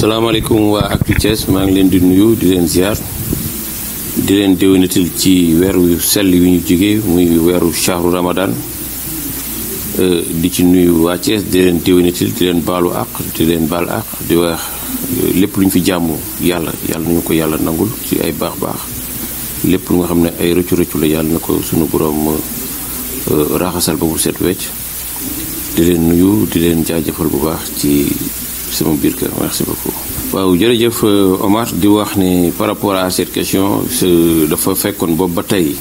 salaamaaleykum waa Actu Thiès maa ngi leen di nuyu di leen ziar di leen déwénatal ci weer wu sell yu ñu jóge muy weeru shahru ramadan euh, di ci nuyu waa Thiès di leen déwénatal di leen baalu àq di leen baal àq di wax euh, lépp lu ñu fi jàmm yàlla yàlla nañu ko yàlla nangul ci ay baax baax lépp lu nga xam ne ay rëccu rëccu la yàlla na ko sunu boroom euh, raxasal ba mu set wecc di leen nuyu di leen jaajëfal bu baax ci sama biir kër waaw jërëjëf euh, Omar di wax ne par rapport à cet question dafa fekkoon boobu ba tey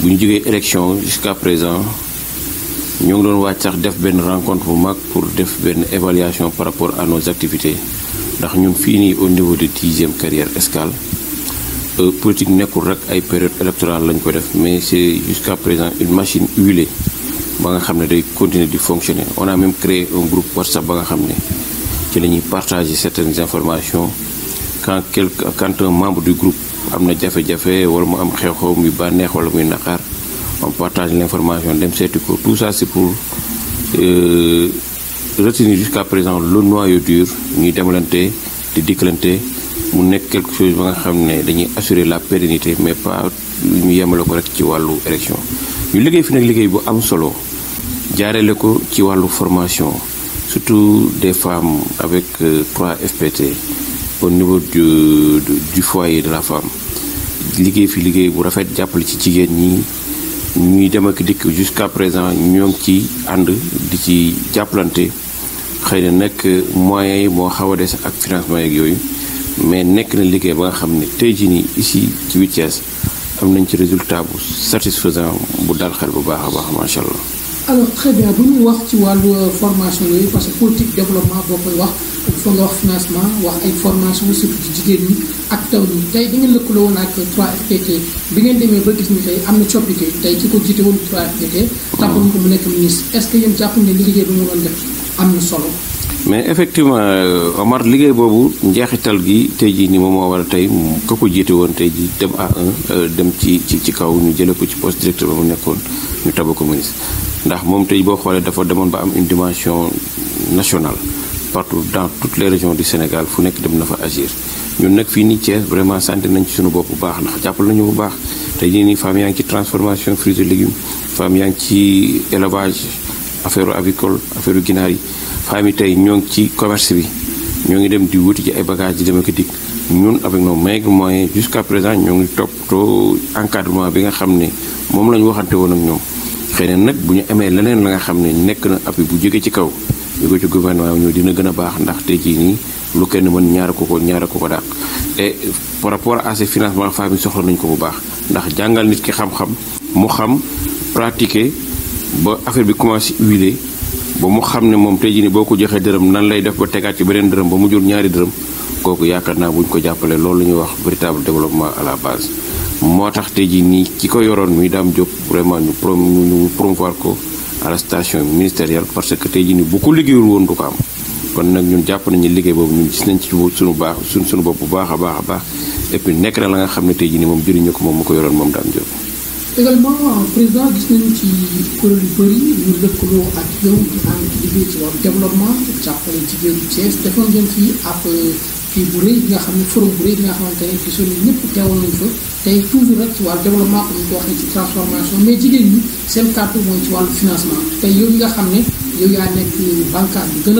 bu ñu jógee élection jusqu'à présent ñoo ngi doon wàcc sax def benn rencontre bu mag pour def benn évaluation par rapport à nos activités ndax ñun fii nii au niveau de dixième carrière escale euh, politique nekkul rek ay période électorale lañ ko def mais c'est jusqu'à présent une machine huilée ba nga xam ne day continuer di fonctionner on a même créé un groupe WhatsApp ba nga xam ne ci la ñuy partager certaines informations quand quelque quand un membre du groupe am na jafe-jafe wala mu am xew-xew muy bànneex wala muy naqar on partage l'information dem seeti ko tout ça c'est pour euh, retenir jusqu'à présent le noyau dur ñuy demalante di dikkalante mu nekk quelque chose ba nga xam ne dañuy assurer la pérennité mais pas ñu yemale ko rek ci wàllu élection ñu liggéey fi nag liggéey bu am solo jaareele ko ci wàllu formation surtout des femmes avec euh, trois FPT au niveau du du foyer de la femme liggéey fi liggéey bu rafet jàppale ci jigéen ñi ñuy dem ak dikk jusqu'à présent ñoo ngi ci ànd di ci jàppalante xëy na nag euh, moyens yi moo xaw a des ak financement yeeg yooyu mais nekk na liggéey ba nga xam ne tey jii nii ici ci Thiès am nañ ci résultat bu satisfaisant bu dal xel bu baax a baax macha allah. alors très bien bu wax ci wàllu euh, formation yooyu parce que politique développement boo koy wax fa nga wax financement wax ay formation surtout ci jigéen ñi ak taw ñi lëkkaloo woon ak bi ngeen demee ba gis ni tey am na coppite tey ki ko jiite woon 3FPT tàmbali ko mu nekk ministre est ce que yéen jàpp ne liggéey bi mu doon am na solo mais effectivement euh, Omar liggéey boobu njeexital gi tey jii ni moom moo war a tey ko ko jiite woon tey jii dem a euh, dem ci ci ci kaw ñu jëlee ko ci poste directeur ba mu nekkoon ñu tabb ko ministre ndax moom tey boo xoolee dafa demoon ba am une dimension nationale partout dans toute les régions du Sénégal fu nekk dem na fa agir ñun nag fii nii Thiès vraiment sant nañ ci suñu bopp bu baax ndax jàppal nañu bu baax tey jii nii femme yaa ngi ci transformation fruits yaa ngi ci élevage affaire avicole affaire ginaar yi femme yi tey ñoo ngi ci commerce bi ñoo ngi dem di wuti ci ay bagages di dem ak dikk ñun avec nos maigres moyens jusqu'à présent ñoo ngi toppatoo encadrement bi nga xam ne moom la ñu waxante woon ak ñoom. xëy nag bu ñu amee leneen la nga xam ne nekk na appui bu jóge ci kaw jóge ci gouvernement ñoo dina gën a baax ndax tey jii nii lu kenn mën ñaara ko ko ko ko dàq te par rapport à ces financements famille soxla nañu ko bu baax ndax jàngal nit ki xam-xam mu xam pratiquer ba affaire bi commencé huiler ba mu xam ne moom tey jii nii boo ko joxee dërëm nan lay def ba tegaat ci beneen dërëm ba mu jur ñaari dërëm kooku yaakaar naa bu ko jàppale loolu la ñuy wax véritable développement à la base moo tax tey jii nii ki ko yoroon muy Dame Diop vraiment ñu prom ñu promouvoir ko à la parce que tey jii nii bu liggéeyul woon du ko am kon nag ñun jàpp nañu liggéey boobu ñun gis nañ ci suñu baax suñ suñu bopp bu baax a baax a baax et puis nekk nga xam ne tey jii nii moom jëriñu ko ko yoroon moom Dame Diop. également président ñu lëkkaloo ak yow di ànd liggéey ci jigéenu Thiès defoon ngeen fii ab. fii bu rëy bi nga xam ne forum bu rëy bi nga xam ne gisoon nañ ñëpp teewal nañ fa tey toujours rek ci wàllu développement comme ñu ko waxee ci transformation mais jigéen ñi seen kàddu mooy ci wàllu financement tey yow nga xam ne yow bi gën a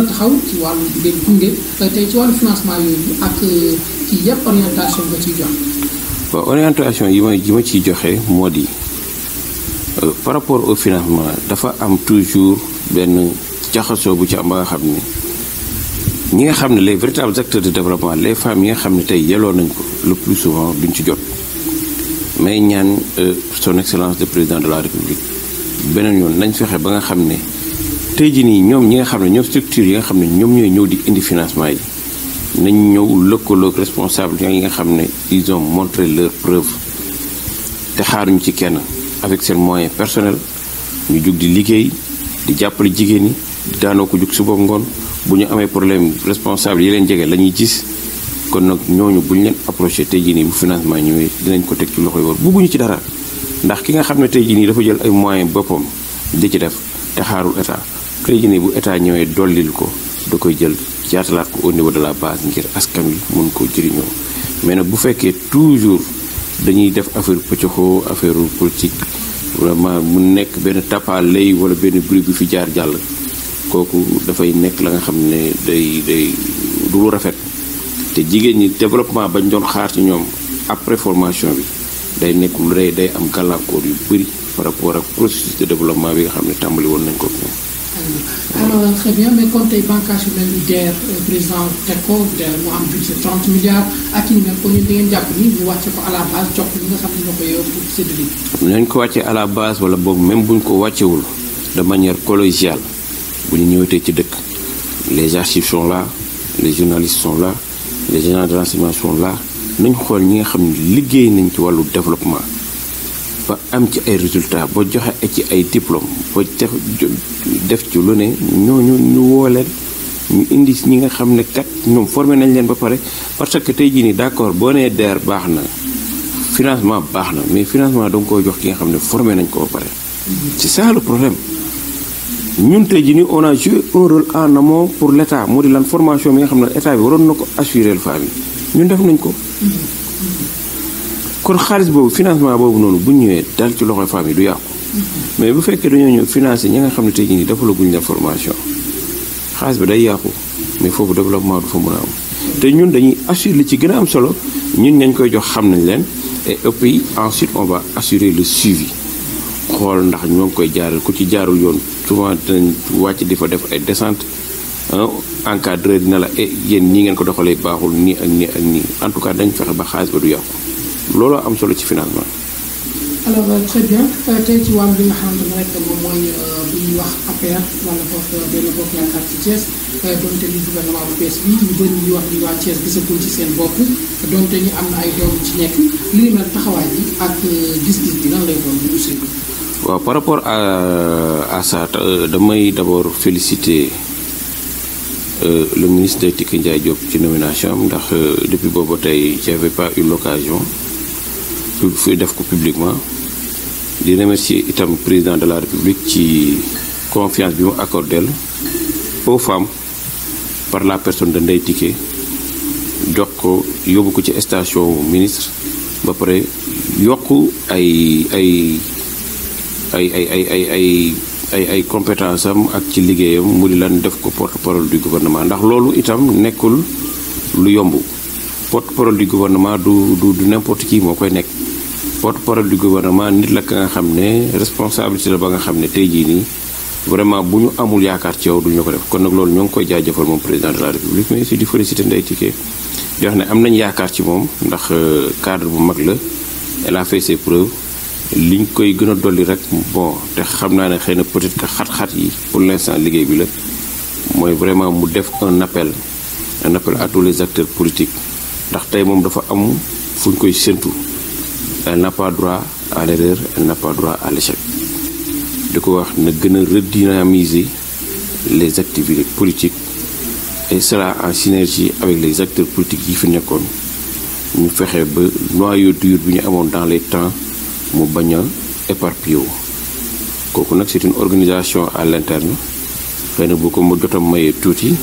taxaw ci wàllu di leen gunge yooyu ak euh, ci yëpp orientation nga ciy jox. waaw orientation yi ma yi ma ciy joxe moo di euh, par rapport au financement dafa am toujours benn jaxasoo bu ci am ba xam ne. ñi nga xam ne les véritables acteurs de développement les femmes yi nga xam ne tey yelloo nañ ko le plus souvent duñ ci jot may ñaan euh, son excellence de président de la république beneen yoon nañ fexe ba nga xam ne tey jii nii ñoom ñi nga xam ne ñoom structure yi nga xam ne ñoom ñooy ñëw di indi financement yi nañ ñëw lëkkaloog responsable yi nga xam ne ison ont montré leur preuve te xaaruñu ci kenn avec seen moyen personnel ñu jug di liggéey di jàppale jigéen ñi daanoo ko jug suba ngoon bu ñu amee problème responsable yi leen jege la ñuy gis kon nag ñooñu bu ñu leen approché tey jii nii bu financement ñëwee dinañ ko teg ci loxo yi war bugguñu ci dara ndax ki nga xam ne tey jii nii dafa jël ay moyens boppam di ci def te xaarul état tey jii nii bu état ñëwee dollil ko da koy jël jaatalaat ko au niveau de la base ngir askan wi mun koo jëriñoo mais nag bu fekkee toujours dañuy def affaire pëccoxoo affaire politique vraiment mu nekk benn tapalay wala benn bruit bi fi jaar jàll. kooku dafay nekk la nga xam ne day day du rafet te jigéen ñi développement bañ doon xaar ci ñoom après formation bi day nekk lu day day am gàllankoor yu bëri par rapport ak processus de développement bi nga xam ne tàmbali woon nañ ko ak ñoom. alors euh, très bien teg ko DER mu am budget 30 milliards ak ñu mel ko ni ñu ko à la base nañ ko wàcce à la base wala boobu même buñ ko wàccewul de manière collégiale. bu ñu ñëwatee ci dëkk les archives sont là les journalistes son la les agents de la sont là xool ñi nga xam ne liggéey nañ ci wàllu développement ba am ci ay résultat ba joxe ci ay diplôme ba def def ci lu ne ñoo ñu woo leen ñu indi ñi nga xam ne kat ñoom formé nañ leen ba pare parce que tey jii nii d'accord boo nee DER baax na financement baax na mais financement da nga jox ki nga xam ne formé nañ ko ba pare ci ça problème ñun tey jii nii on a joué un pour l' état moo di lan formation bi nga xam ne état bi waroon na ko assurer femmes yi ñun def nañ ko. kon xaalis boobu financement boobu noonu bu ñëwee dal ci loxo femmes yi du yàqu. mais bu fekkee dañoo ñëw financer ñi nga xam ne tey jii nii defalaguñ la formation xaalis bi day yàqu mais foofu développement du fa mën a am te ñun dañuy assurer li ci gën a am solo ñun ñañ koy jox xam nañ leen et puis ensuite on va assurer le suivi. xool ndax ñoo ngi koy jaaral ku ci jaarul yoon souvent dinañ wàcc di fa def ay descente ah, encadré dina la e yéen ñi ngeen ko doxalee baaxul nii ak nii ak nii en tout cas dañ fexe ba xaalis ba looloo am solo ci financement. Euh, euh, bi nga xamante ne ci seen bopp na ay doom bi ak euh, gis waaw par rapport à à ça euh, damay d'abord féliciter euh, le ministre Tiki Ndiaye Diop ci nomination am ndax euh, depuis booba tey j'avais pas eu fi fu def ko publiquement di remercier itam président de la République ci confiance bi mu accordé aux femmes par la personne de Ndeye Tické jox ko yóbbu ko ci station ministre ba pare yokk ay ay ay ay ay ay ay ay ay compétence am ak ci liggéeyam mu di lan def ko porte parole du gouvernement ndax loolu itam nekkul lu yomb porte parole du gouvernement du du du n'importe qui moo koy nekk porte parole du gouvernement nit la ka nga xam ne responsabilité la ba nga xam ne tey jii nii vraiment bu ñu amul yaakaar ci yow du ñu ko def kon nag loolu ñoo ngi koy jaajëfal moom président de la république mais aussi di féliciter Ndeye Tické di wax ne am nañu yaakaar ci moom ndax euh, cadre bu mag la elle a fait ses liñ koy gën a dolli rek bon te xam naa ne xëy na peut-être que xat-xat yi pour l'instant liggéey bi la mooy vraiment mu def un appel un appel à tous les acteurs politiques ndax tey moom dafa am fu ñu koy séntu elle n'a droit à l'erreur elle n'a pas droit l'échec di ko wax na gën a redynamiser les activités politiques et cela en synergie avec les acteurs politiques yi fi nekkoon ñu fexe ba noyau dur bu ñu amoon dans les temps mu bañoo a éparpillé kooku nag c'est organisation à l'interne xëy na bu ko ma jot a mayee tuuti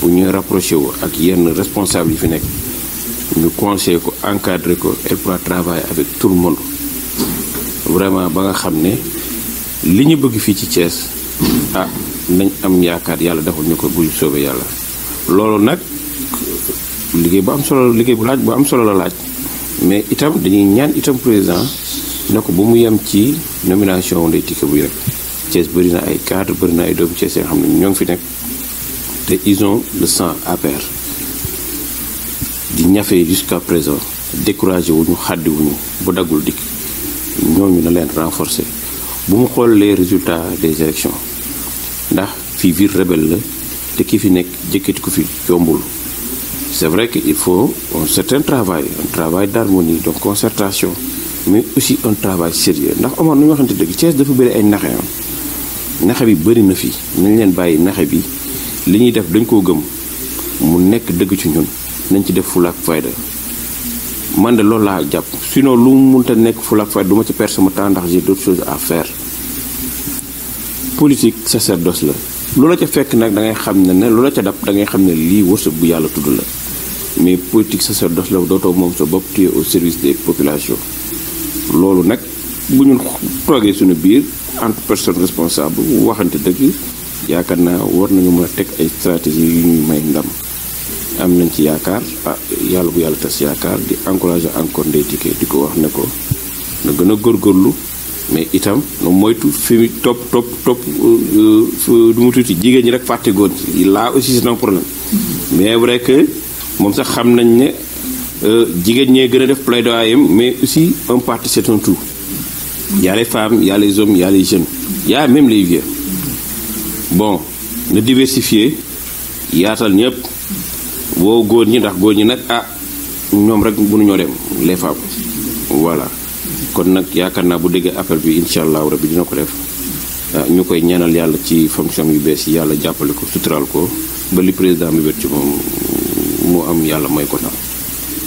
bu ñuy rapproché wu ak yenn responsable yi fi nekk ñu conseillé ko encadré ko elle pourra travailler avec tout le monde vraiment ba nga xam ne li ñu bëgg fii ci Thiès ah nañ am yaakaar yàlla defal ñu ko bu soobee yàlla loolu nag liggéey bu am solo liggéey bu laaj bu am solo la laaj mais itam dañuy ñaan itam président na ko bu mu yem ci nomination wu Ndeye bu Bouye rek Thiès bëri na ay cadre bëri na ay doomu Thiès yoo xam ne ñoo ngi fi nekk te ison ont le sang APR di ñafee jusqu'à présent découragé wuñu xàddi wuñu bu daggul dikk ñooñu na leen renforcer bu mu xool les résultats des élections ndax fii ville rebel la te ki fi nekk jëkkati ko fi yombul c'est vrai que il faut un certain travail un travail d'harmonie de concertation mais aussi un travail sérieux ndax Omar nu ñu waxante dëgg Thiès dafa bëri ay naxe naxe bi bëri na fi nañ leen bàyyi naxe bi li ñuy def dañ koo gëm mu nekk dëgg ci ñun nañ ci def fulaak fayda man de loolu laa jàpp sinon lu mu mënta nekk fulaak fayda du ci perdre sama temps ndax j'ai d'autres choses à faire politique sacerdoce la loola ca fekk nag da ngay xam ne ne loola ca dab da ngay xam ne lii wërsëg bu yàlla tudd la mais politique sacerdoce la dootoo moo sa bopp tu au service des populations loolu nag bu ñu toogee suñu biir entre personne responsable waxante dëgg yaakaar naa war nañu mën a teg ay stratégie yu ñuy may ndam am nañ ci yaakaar ah yàlla bu yàlla tas yaakaar di encourager encore Ndeye Tické di ko wax ne ko na gën a góorgóorlu mais itam nu moytu fi mu topp topp topp euh, euh, du mu tuuti jigéen ñi rek fàtte góor ñi laa aussi c'est un problème mm-hmm. mais vrai que moom sax xam nañ ne Euh, jigéen ñee gën a def do plaidoyer mais aussi un parti c'est un tout il y a les femmes il y a les jeunes il même les vieux bon na diversifier yaatal ñëpp woo góor ñi ndax góor ñi nag ah ñoom nu ñoo dem les femmes kon nag yaakaar naa bu déggee appel bi incha allahu rabbi dina ko def ah, ñu koy ñaanal yàlla ci fonction yu bees yi yàlla jàppale ko suturaal ko ba li président bi ci moom moo am yàlla mooy ko tam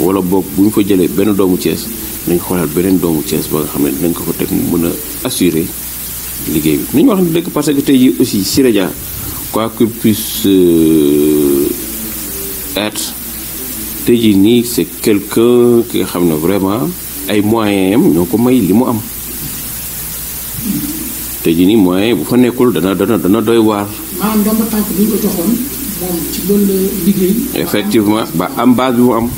wala boog bu ñu fa jëlee benn doomu Thiès nañ ko xoolaat beneen doomu Thiès ba nga xam ne dinañ ko fa teg mu mën a assurer liggéey bi. nañu wax ne dëgg parce que tey jii aussi Siré Dia quoi qu'il puisse euh, tey jii nii c'est quelque ki nga xam ne vraiment ay moyens am ñoo ko may li mu am tey jii nii moyen bu fa nekkul dana dana dana doy waar. effectivement ba am base bi mu am.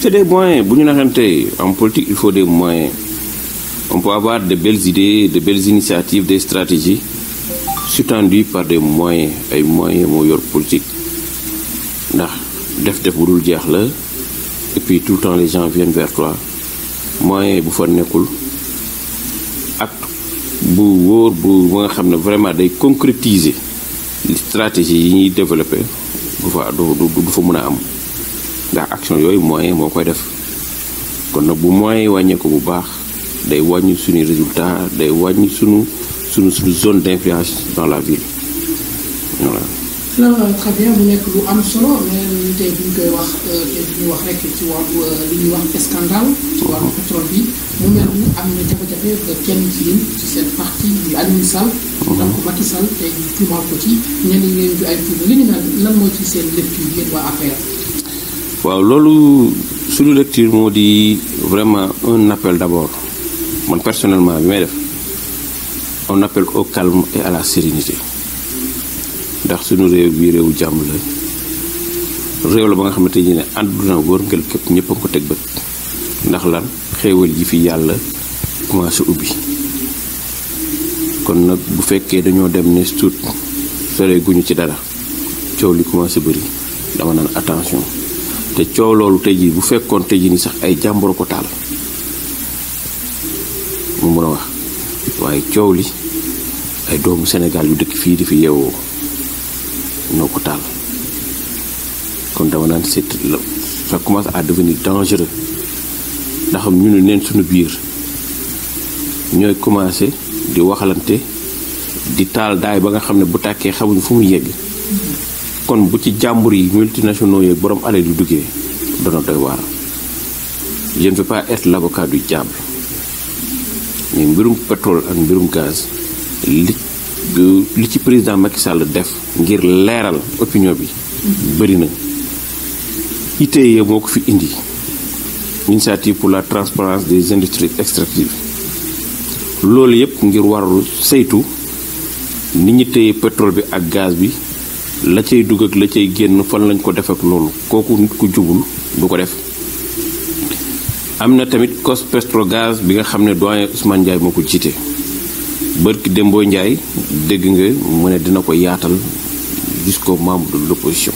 c'est des moyens bu ñu naxantee en politique il faut des moyens on peut avoir de belles idées de belles initiatives des stratégies sous-tendues par des moyens ay moyen moo yor politique ndax def def bu dul jeex la et puis tout le temps les gens viennent vers toi moyen bu fa nekkul ak bu wóor bu ba nga xam ne vraiment day concrétiser stratégie yi ñuy développer du fa du fa mun a am ndax action yooyu moyen moo koy def kon nag bu moyen wàññeeku bu baax day wàññi suñuy résultat day wàññi suñu suñu suñu zone d'influence dans la ville voilà. alors très bien mu nekk lu am solo mais euh, tey bu ñu koy wax tey ñu wax rek euh, wax scandale. ci wàllu pétrole bi mu mel ni am na jafe-jafe ba kenn ci ci seen parti bi Aliou Sall. Mhm. donc tey ñu ko ci ñenn ñi ngeen di ay tuuma li ñu naan lan moo ci seen lecture yéen waa APR. waaw loolu suñu lecture moo di vraiment un appel d'abord man personnellement bi may def un appel au calme et à la sérénité ndax suñu réew bi réewu jàmm la réew la ba nga xamante ne ne àdduna wër ngel képp ñëpp a ko teg bët ndax lan xéewal ji fi yàlla commencé ubbi kon nag bu fekkee dañoo dem ne suut sore guñu ci dara coow li commencé bëri dama naan attention te coow loolu tey jii bu fekkoon tey jii ni sax ay jàmboro ko taal mu mën a wax waaye coow li ay doomu Sénégal yu dëkk fii di fi yeewoo ñoo ko taal kon dama naan c'est ça commence à devenir dangereux ndax ñu ne neen suñu biir ñooy commencé di waxalante di taal daay ba nga xam ne bu tàkkee xamuñ fu mu yegg kon bu ci jàmbur yi multinationaux yooyu borom alal yu duggee dana doy waar je ne veux pas être l'avocat du diable mais mbirum pétrole ak mbirum gaz li li ci président Macky Sall def ngir leeral opinion bi bëri na ITIE moo ko fi indi initiative pour la transparence des industries extractives loolu yëpp ngir warlu saytu nit ñi téye pétrole bi ak gaz bi la cay dugg ak la cay génn fan lañ ko def ak loolu kooku nit ku jubul du ko def am na tamit cos Petrogaz bi nga xam ne doyen Ousmane Ndiaye moo ko jiite bërki Dembo njaay dégg nga mu dina ko yaatal jusqu'au membre de l'opposition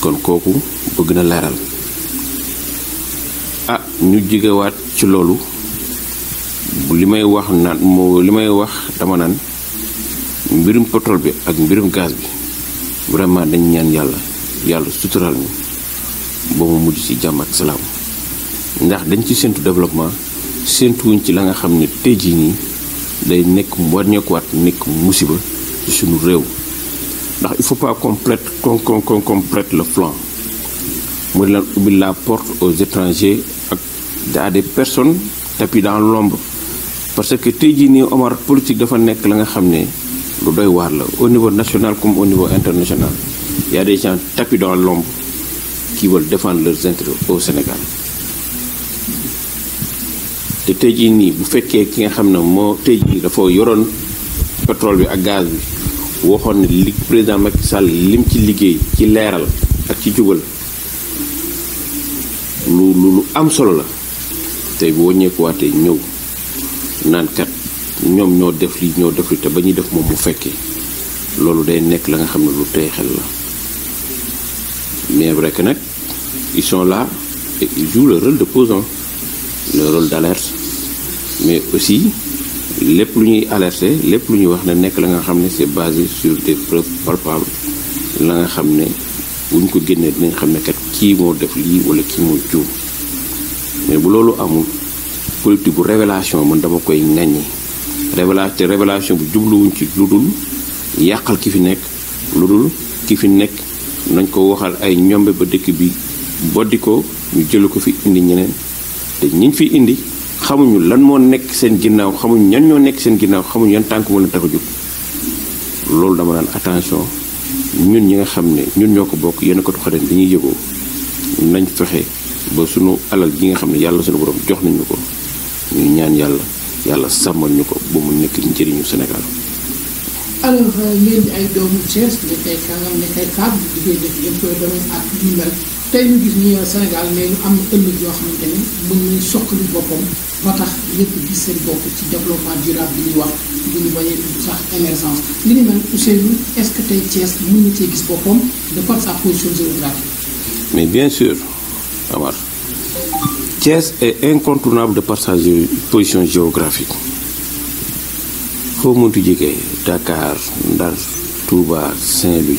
kon kooku bëgg na leeral ah ñu jigewaat ci loolu li may wax naan moo li may wax dama naan mbirum pétrole bi ak mbirum gaz bi vraiment dañ ñaan yàlla yàlla sutural ñu ba mu mujj ci jàmm ak salaam ndax dañ ci séntu développement séntuwuñ ci la nga xam ne tey jii nii day nekk wàññeekuwaat nekk musiba ci suñu réew ndax il faut pas complète qu'on qu'on complète le flanc mu di leen ubbi la porte aux étrangers ak à des personnes tapis dans l'ombre parce que tey jii nii Omar politique dafa nekk la nga xam ne lu doy waar la au niveau national comme au niveau international il y a des gens tapis dans l'ombre au Sénégal te tey jii nii bu fekkee ki nga xam ne moo tey jii dafa yoroon pétrole bi ak gaz bi waxoon na li président Macky Sall lim ci liggéey ci leeral ak ci jubal lu lu lu am solo la tey boo ñëkkuwaatee ñëw naan ñoom ñoo def li ñoo def li te ba ñuy def moom mu fekkee loolu day nekk la nga xam ne lu tey xel la mais vrai que nag ils sont là et de posant le rôle d'alerte mais aussi lépp lu ñuy alerter lépp lu ñuy wax ne nekk la nga xam ne c'est base sur des preuves palpables la nga xam ne buñ ko génnee dinañ xam ne kat kii moo def lii wala kii moo juum mais bu loolu amul politique bu révélation man dama koy ŋaññi. révéla te révélation bu jubluwuñ ci lu dul yàqal ki fi nekk lu dul ki fi nekk nañ ko waxal ay ñombe ba dëkk bi boddi ko ñu jëlu ko fi indi ñeneen te ñiñ fi indi xamuñu lan moo nekk seen ginnaaw xamuñ ñan ñoo nekk seen ginnaaw xamuñu yan tànk moo leen tax loolu dama daan attention ñun ñi nga xam ne ñun ñoo ko bokk yéen ko tuxaleen bi ñuy yëgoo nañ fexe ba sunu alal gi nga xam ne yàlla sunu borom jox nañu ko ñuy ñaan yàlla yàlla sàmmal ñu ko ba mu nekk njëriñu Sénégal. alors ngeen euh, di ay doomu Thiès nekk ay Kàngam nekk ay Pape di koy def yëpp domaine ak yu mel tey ñu gis ñu euh, Sénégal nee ñu am ëllëg yoo xamante ne mën boppam ba tax ñëpp gis seen bopp ci développement durable bi ñuy wax bu ñu bañee sax émergence li ñu mel Ousseynou est-ce que tey Thiès mën na cee gis boppam de par sa position géographique. mais bien sûr Thiès est incontournable de par sa position géographique foo mëntu jege Dakar Ndar Touba Saint-Louis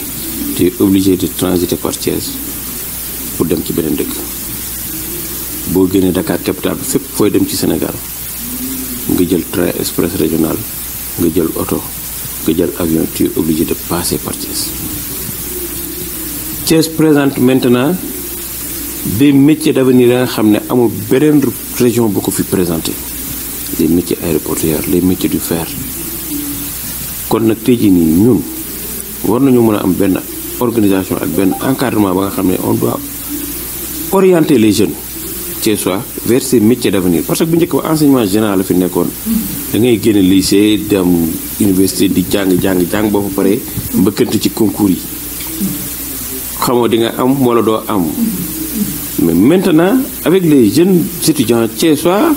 te obligé de transiter par Thiès pour dem ci beneen dëkk boo génnee Dakar capitale bi fépp fooy dem ci Sénégal nga jël train express régional nga jël oto nga jël avion tu es de passer par Thiès Thiès présente maintenant des métiers d'avenir yi nga xam ne amul beneen région bu ko fi présenté les métiers aéroportuaires les métiers du fer kon nag tey jii nii ñun war nañu mën a am benn organisation ak benn encadrement ba nga xam ne on doit les jeunes thiessois vers ces métiers d'avenir parce que bu njëkk ba enseignement général la fi nekkoon da ngay génn lycée dem université di jàng jàng jàng boo fa paree mbëkkante ci concours yi xamoo di nga am wala doo am Mais maintenant, avec les jeunes étudiants soir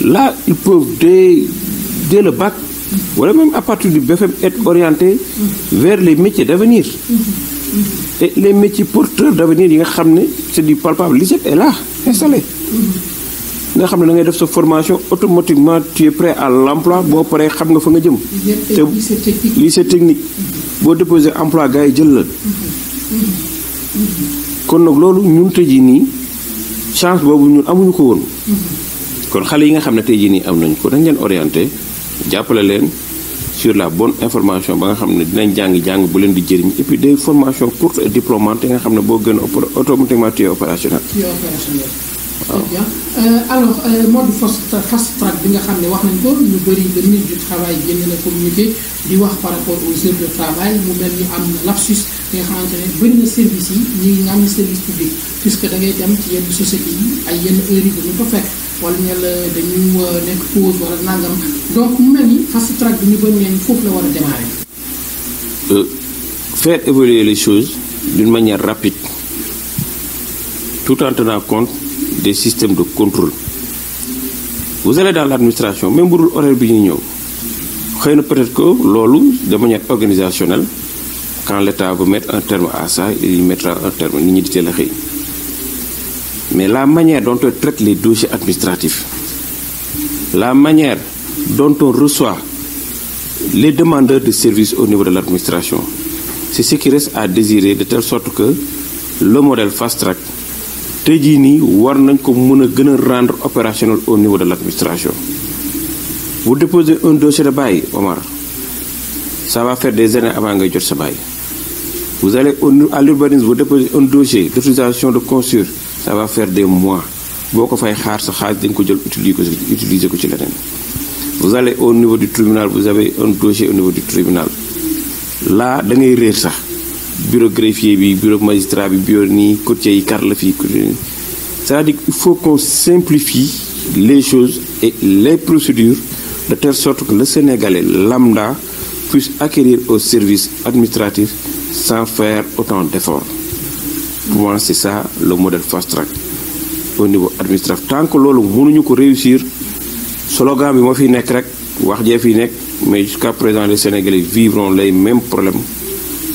là, ils peuvent dès, dès le bac, voilà même à partir du BFM, être orientés vers les métiers d'avenir. Et les métiers porteurs d'avenir, c'est du palpable. L'ICEP et la installé. nga xam ne da ngay def sa formation automatiquement tu es à l'emploi boo paree xam nga fa nga jëm. te lycée technique. boo déposé emploi gars yi jël la. kon nag loolu ñun tey jii nii chance boobu ñun amuñu ko woon kon xale yi nga xam ne tey jii nii am nañu ko dañ leen orienté jàppale leen sur la bonne information ba nga xam ne dinañ jàngi jàng bu leen di jëriñ et puis des formations courtes et nga xam ne boo gën a automatiquement tu es opérationnel très bien euh, alors euh, mode fast fast bi nga xam ne wax nañ ko ñu bëri le ministre du travail génne na communiqué di wax par rapport aux heures de travail mu mel ni am na lapsus bi nga xamante ne bëri na service yi ñu ngi am service public puisque da ngay dem ci yenn société yi ay yenn heures yi ko fekk wala ñu la dañu euh, nekk pause wala nangam donc mu mel ni fast track bi ñu bëri nañ foofu la war a démarrer. faire évoluer les choses d'une manière rapide tout en tenant des systèmes de contrôle vous allez dans l'administration membre budul horaire bi ñuy ñëw xëy na peut-être que loolu de manière organisationnelle quand l'État veut mettre un terme à ça il mettra un terme nit ñi di teel a xëy mais la manière dont on traite les dossiers administratifs la manière dont on reçoit les demandeurs de service au niveau de l'administration c'est ce qui reste à désirer de telle sorte que le modèle fast track tey jii nii war nañ ko mën a gën a rendre opérationnel au niveau de l' administration bu déposer un dossier de bail Omar ça va faire des années avant ngay jot sa bail vous allez au à l'urbanisme vous déposez un dossier d' de construire ça va faire des mois boo ko fay xaar sa xaalis dañ ko jël utiliser ko ci leneen vous allez au niveau du tribunal vous avez un dossier au niveau du tribunal là da ngay réer sax bureau greffier bi bureau magistrat bi bureau nii côté yi kar la fii c'est-à-dire il faut qu'on simplifie les choses et les procédures de telle sorte que le Sénégalais lambda puisse acquérir aux services administratifs sans fair autant d'efforts. Pour c'est ça le modèle fast track au niveau administratif. Tant loolu mënuñu ko réussir slogan bi moo fi nekk rek wax jee fi nekk mais jusqu'à présent les Sénégalais vivront les même problème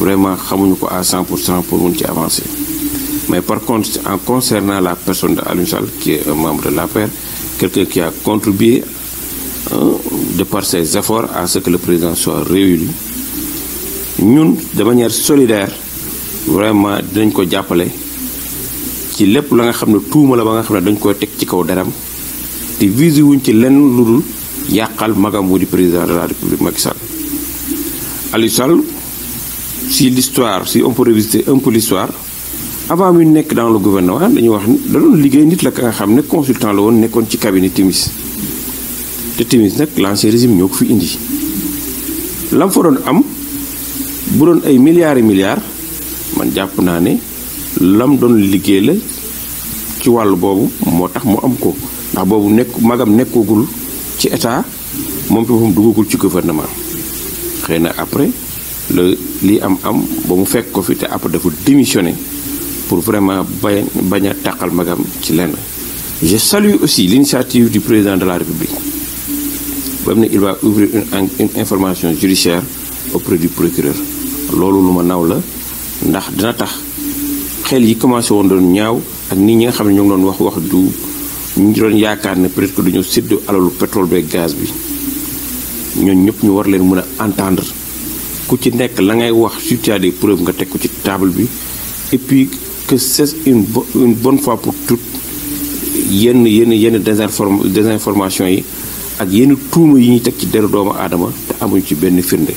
vraiment xamuñu ko à 100 pour cent pour mun ci avancé mais par contre en concernant la personne de Aliou Sall membre de l'APR quelqu'un qui a contribué hein, de par ses efforts à ce que le président soit réélu ñun de manière solidaire vraiment dinañ ko jàppale ci lépp la nga xam ne tuuma la ba nga xam ne dañ koy teg ci kaw deram te visi wuñ ci lenn lu dul yàqal magam wu di président de la république Macky Sall si l'histoire si on peut revisiter un peu l'histoire avant muy nekk dans le gouvernement dañuy wax da liggéey nit la ka nga xam ne consultant la woon nekkoon ci cabinet Timis te Timis nag l'ancien régime ñoo ko fi indi lam fa doon am bu doon ay milliards milliare man jàpp naa ne lam doon liggéey la ci wàll boobu moo tax mu am ko ndax boobu nekk magam nekkagul ci état moom ci boppam duggagul ci gouvernement xëy na après la lii am am ba mu fekk ko fi te après dafa démissionné pour vraiment bañ bañ a tàqal magam ci lenn. je salue aussi l'initiative du président de la République ba mu ne il va ouvrir une information judiciaire auprès du procureur loolu lu ma naw la ndax dina tax xel yi commencé woon doon ñaaw ak nit ñi nga xam ne ñoo ngi doon wax wax du ñu doon yaakaar ne peut-être que du ñu sédd alalu pétrole beeg gaz bi ñooñu ñëpp ñu war leen mën a entendre. ku ci nekk la ngay wax si tu nga teg ko ci table bi et que c'est une une bonne fois yenn yenn yenn désinform désinformation yi ak yenn tuuma yi ñuy teg ci deru doomu aadama te amuñ ci benn firnde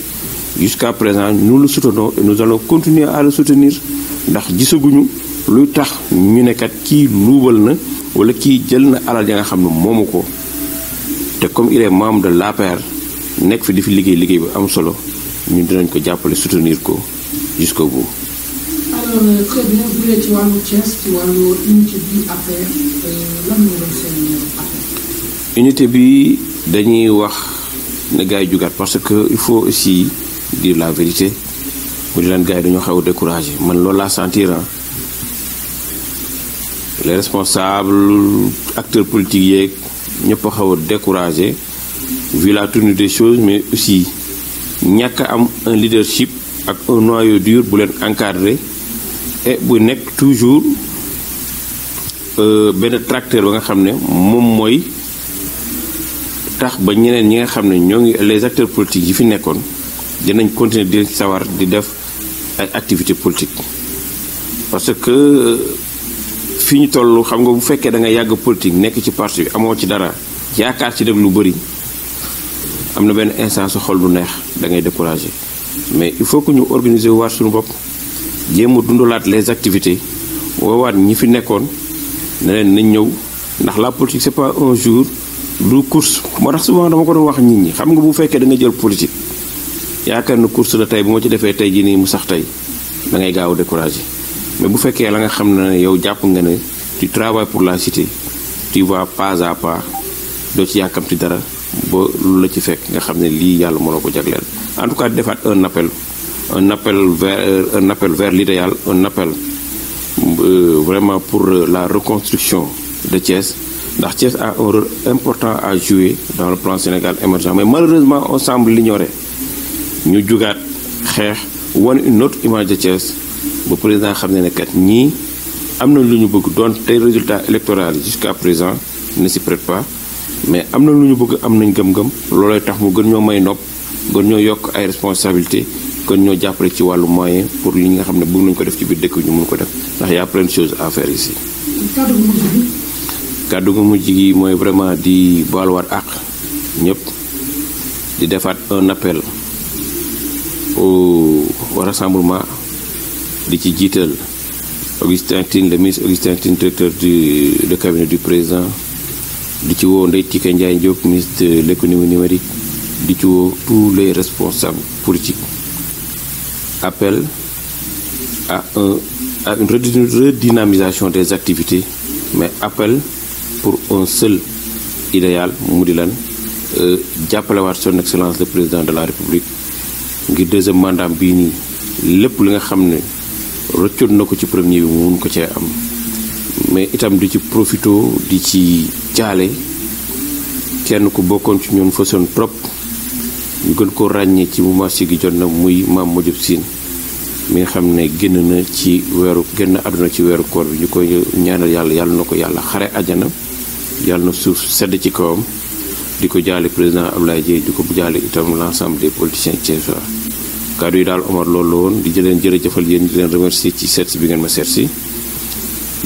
jusqu'à présent nous le soutenons et nous allons continuer à le ndax gisaguñu luy tax ñu nekkat kat kii luubal na wala kii jël na alal ya nga xam ne moomu ko te comme il est membre de l'APR nekk fi di fi liggéey liggéey bu am solo ñun dinañ ko jàppale soutenir ko jusqu'au bout. alors euh, unité bi euh, euh, dañuy wax na gars yi parce que il faut aussi dire la vérité mu di leen gars yi dañoo xaw a découragé man loolu la sentir les responsables acteurs politiques yeeg ñëpp a xaw a découragé vu la tournée des choses mais aussi. ñàkk am un leadership ak un noyau dur bu leen encadré bu nekk toujours euh, benn tracteur ba nga xam ne moom mooy tax ba ñeneen ñi nga xam ne ñoo ngi les acteurs politiques yi fi nekkoon dinañ continuer di sawar di def ay activité politique parce que fi ñu toll xam nga bu fekkee da nga yàgg politique nekk ci parti bi amoo ci dara yaakaar ci nag lu bëri am na benn instant sa xol du neex da ngay découragé mais il faut que ñu organiser waat suñu bopp jéem a dundalaat les activités woowaat ñi fi nekkoon ne leen nañ ñëw ndax la politique c'est pas un jour du course moo tax souvent dama ko doon wax nit ñi xam nga bu fekkee dangay jël politique yaakaar na course la tey bu ma ci defee tey jii nii mu sax tey dangay gaaw a mais bu fekkee la nga xam ne yow jàpp nga ne tu travailles pour la cité tu vas pas à pas doo ci dara bo lu la ci fekk nga xam ne lii yàlla moo la ko jagleel en tout cas defaat un appel un appel vers euh, un appel vers l'idéal un appel euh, vraiment pour euh, la reconstruction de Thiès ndax Thiès a un rôle important à jouer dans le plan Sénégal émergent mais malheureusement on semble l'ignorer ñu jugaat xeex wane une autre image de Thiès ba président xam ne ne kat ñii am na lu ñu bëgg doon tey résultat électoral jusqu'à présent ne s'y prête pas mais am na lu ñu bëgg am nañ gëm-gëm loolay tax mu gën ñoo may nopp gën ñoo yokk ay responsabilité gën ñoo jàppale ci wàllu moyen pour li nga xam ne bugg nañ ko def ci biir dëkk ñu mun ko def ndax y a plein de choses à faire ici. kàddu gu mujj gi mooy vraiment di baaluwaat ak ñëpp di defaat un appel au rassemblement di ci jiital Augustin Tine le ministre Augustin Tine directeur du de cabinet du président. di ci woo Ndeye Tické Ndiaye Diop ministre de l'économie numérique di ci woo tous les responsables politiques appel à un à une redynamisation des activités mais appel pour un seul idéal mu di lan euh, jàppalewaat son excellence le président de la république ngir deuxième mandat bi nii lépp li nga xam ne rëccoon na ko ci premier bi mu mun ko cee am mais itam di ci profito di ci caale kenn ku bokkoon ci ñun façon trop ñu gën koo ràññee ci gi Siggi na muy maam Madiop Sine mi nga xam ne génn na ci weeru genn àdduna ci weeru koor bi ñu koy ñaanal yàlla yàlla na ko yàlla xare àjjana yàlla na suuf sedd ci kawam di ko jaale président Abdoulaye Dièye di ko jaale itam l'ensemble des politiciens thiessois kàddu yi daal Omar loolu la woon di leen jërëjëfal yéen di leen remercier ci seet si bi ngeen ma seer si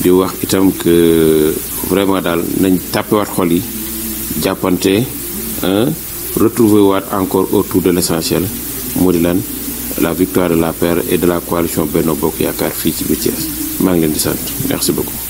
di wax itam que vraiment daal nañ tàppewaat xol yi jàppante retrouver waat encore autour de l'essentiel moo di lan la victoire de la paire et de la coalition benn Bokk Yaakaar fii ci biir Thiès maa ngi leen di sant merci beaucoup